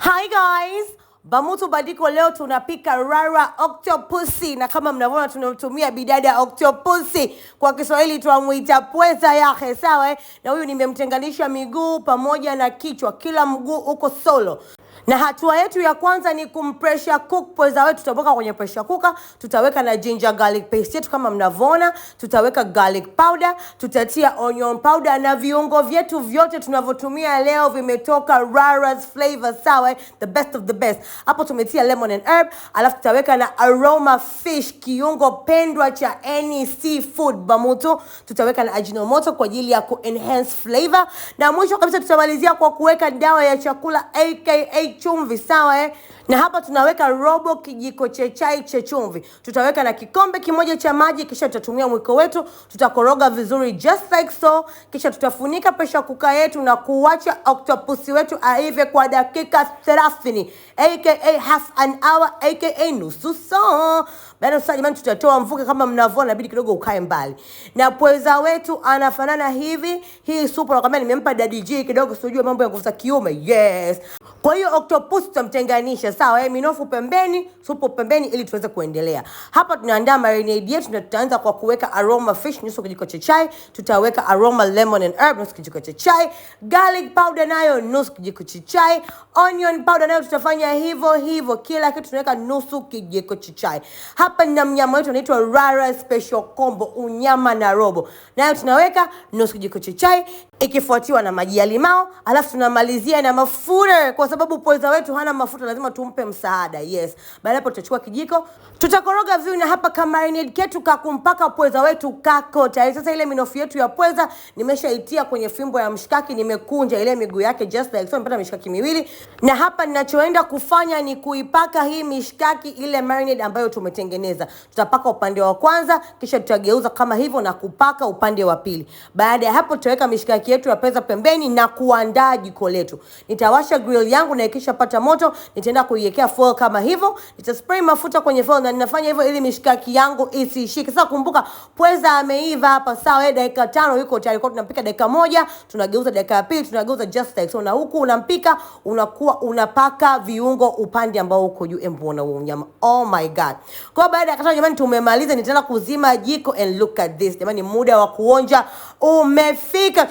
Hi guys, Bamutu Badiko leo tunapika rara octopusi na kama mnavyoona tunatumia bidada octopusi, kwa Kiswahili tunamuita pweza yake, sawa? Eh? Na huyu nimemtenganisha miguu pamoja na kichwa, kila mguu uko solo na hatua yetu ya kwanza ni kumpressure cook pweza wetu. Tutaboka kwenye pressure cooker, tutaweka na ginger garlic paste yetu kama mnavyoona, tutaweka garlic powder, tutatia onion powder na viungo vyetu vyote tunavyotumia leo vimetoka Rara's flavor, sawa, the best of the best. Hapo tumetia lemon and herb, alafu tutaweka na aroma fish, kiungo pendwa cha any seafood bamutu. Tutaweka na ajinomoto kwa ajili ya ku enhance flavor, na mwisho kabisa tutamalizia kwa kuweka dawa ya chakula aka એક ચૂમ વિસાવાએ na hapa tunaweka robo kijiko cha chai cha chumvi, tutaweka na kikombe kimoja cha maji, kisha tutatumia mwiko wetu, tutakoroga vizuri just like so, kisha tutafunika pesha kuka yetu na kuwacha octopus wetu aive kwa dakika 30 aka half an hour aka nusu saa. Bado sasa jamani, tutatoa mvuke kama mnavyoona, inabidi kidogo ukae mbali na pweza wetu, anafanana hivi. Hii supu nakwambia, nimempa dadiji kidogo, sijui mambo ya nguvu za kiume. Yes, kwa hiyo octopus tutamtenganisha sawa, eh, minofu pembeni, supu pembeni ili tuweze kuendelea. Hapa tunaandaa marinade yetu na tutaanza kwa kuweka aroma fish nusu kijiko cha chai, tutaweka aroma lemon and herb nusu kijiko cha chai, garlic powder nayo nusu kijiko cha chai, onion powder nayo tutafanya hivyo hivyo, kila kitu tunaweka nusu kijiko cha chai. Hapa na mnyama wetu anaitwa Rara Special Combo, unyama na robo, nayo tunaweka nusu kijiko cha chai ikifuatiwa na maji ya limao, alafu tunamalizia na mafuta, kwa sababu pweza wetu hana mafuta, lazima tumpe msaada. Yes, baada hapo tutachukua kijiko, tutakoroga vizuri, na hapa ka marinade ketu kumpaka pweza wetu kako tayari. Sasa ile minofu yetu ya pweza nimeshaitia kwenye fimbo ya mshikaki, nimekunja ile miguu yake just like so, nimepata mishikaki miwili, na hapa ninachoenda kufanya ni kuipaka hii mishikaki ile marinade ambayo tumetengeneza. Tutapaka upande wa kwanza, kisha tutageuza kama hivyo na kupaka upande wa pili. Baada ya hapo tutaweka mishikaki yetu ya pesa pembeni na kuandaa jiko letu. Nitawasha grill yangu na ikishapata moto nitaenda kuiwekea foil kama hivyo, Nita spray mafuta kwenye foil na ninafanya hivyo ili mishikaki yangu isishike. Sasa kumbuka, pweza ameiva hapa, sawa, eh, dakika tano yuko tayari. Kwa tunapika dakika moja, tunageuza dakika ya pili, tunageuza just like so, na huku unampika unakuwa unapaka viungo upande ambao uko juu. Embo na huo nyama. oh my god! Kwa baada ya kata, jamani, tumemaliza. Nitaenda kuzima jiko and look at this, jamani, muda wa kuonja umefika.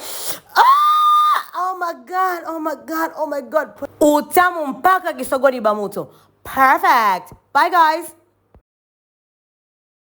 Ah! Oh my God, oh my God, oh my God. Utamu mpaka Kisogoni Bamuto. Perfect. Bye guys.